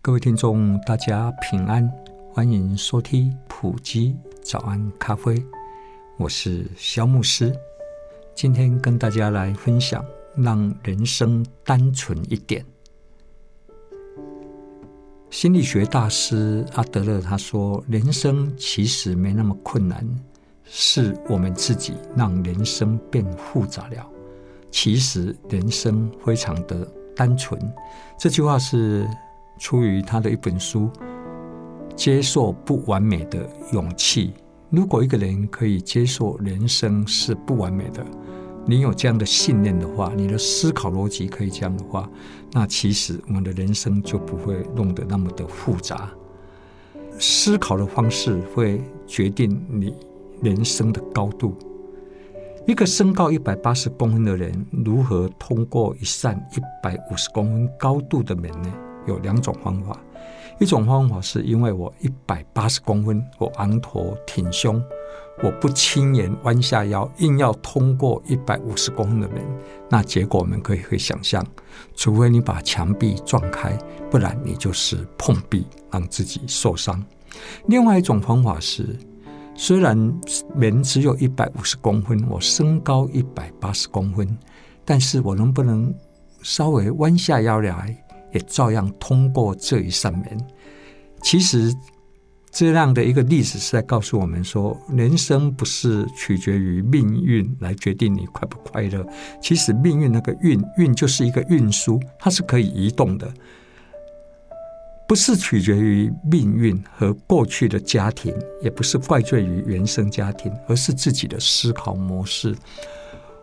各位聽眾，大家平安，歡迎收聽埔基早安咖啡。我是蕭牧師，今天跟大家來分享讓人生單純一點。心理學大師阿德勒他說：“人生其實沒那麼困難，是我們自己讓人生變複雜了。其實人生非常的單純。”這句話是。出於他的一本書，接受不完美的勇氣。如果一個人可以接受人生是不完美的，你有這樣的信念的話，你的思考邏輯可以這樣的話，那其實我們的人生就不會弄得那麼的複雜。思考的方式會決定你人生的高度。一個身高一百八十公分的人，如何通過一扇一百五十公分高度的門呢？有兩種方法，一種方法是因為我一百八十公分，我昂頭挺胸，我不輕言彎下腰，硬要通過一百五十公分的門，那結果我們可以會想象，除非你把牆壁撞開，不然你就是碰壁，讓自己受傷。另外一種方法是，雖然門只有一百五十公分，我身高一百八十公分，但是我能不能稍微彎下腰來？也照樣通過這一扇門。其實這樣的一個例子是在告訴我們說，人生不是取決於命運來決定你快不快樂。其實命運那個運運就是一個運輸，它是可以移動的。不是取決於命運和過去的家庭，也不是怪罪於原生家庭，而是自己的思考模式。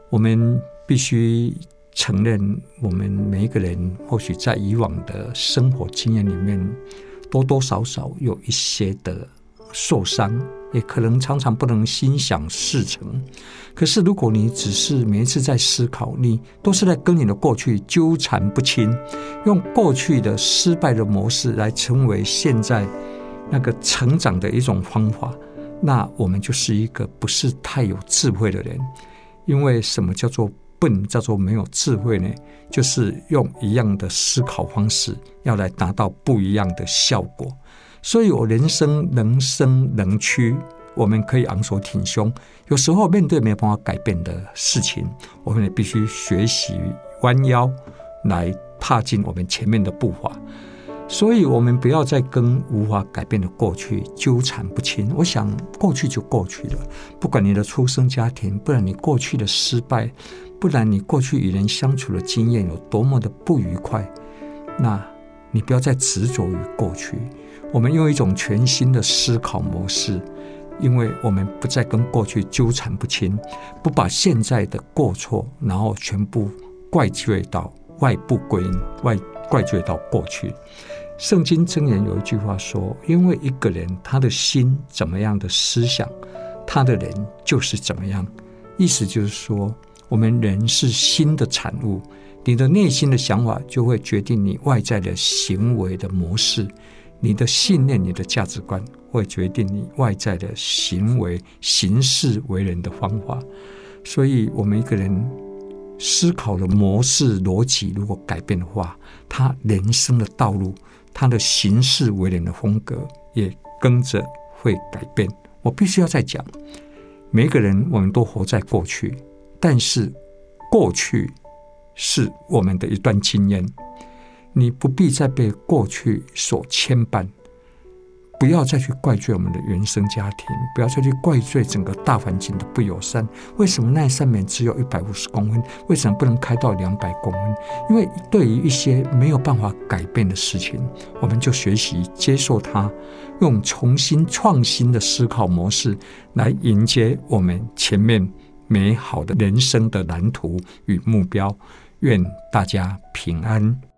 我們必須。承認我們每一個人或許在以往的生活經驗裡面，多多少少有一些的受傷，也可能常常不能心想事成。可是如果你只是每一次在思考，你都是在跟你的過去糾纏不清，用過去的失敗的模式來成為現在那個成長的一種方法，那我們就是一個不是太有智慧的人。因為什麼叫做？笨叫做沒有智慧呢，就是用一樣的思考方式，要來達到不一樣的效果。所以我人生能伸能屈，我們可以昂首挺胸。有時候面對沒有辦法改變的事情，我們也必須學習彎腰，來踏進我們前面的步伐。所以，我們不要再跟無法改變的過去糾纏不清。我想，過去就過去了。不管你的出生家庭，不然你過去的失敗，不然你過去與人相處的經驗有多麼的不愉快，那你不要再執着於過去。我們用一種全新的思考模式，因為我們不再跟過去糾纏不清，不把現在的過錯，然後全部怪罪到外部歸因，外怪罪到過去。聖經箴言有一句話說：“因為一個人他的心怎麼樣的思想，他的人就是怎麼樣。”意思就是說，我們人是心的產物，你的內心的想法就會決定你外在的行為的模式，你的信念、你的價值觀會決定你外在的行為、行事為人的方法。所以，我們一個人思考的模式、邏輯如果改變的話，他人生的道路。他的行事為人的風格也跟着會改變。我必須要再講，每個人我們都活在過去，但是過去是我們的一段經驗，你不必再被過去所牽絆。不要再去怪罪我們的原生家庭，不要再去怪罪整個大環境的不友善。為什麼那上面只有一百五十公分？為什麼不能開到兩百公分？因為對於一些沒有辦法改變的事情，我們就學習接受它，用重新創新的思考模式來迎接我們前面美好的人生的藍圖與目標。願大家平安。